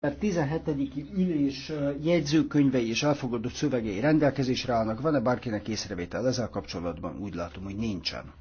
A 17. ülés jegyzőkönyvei és elfogadott szövegei rendelkezésre állnak. Van-e bárkinek észrevétel ezzel kapcsolatban? Úgy látom, hogy nincsen.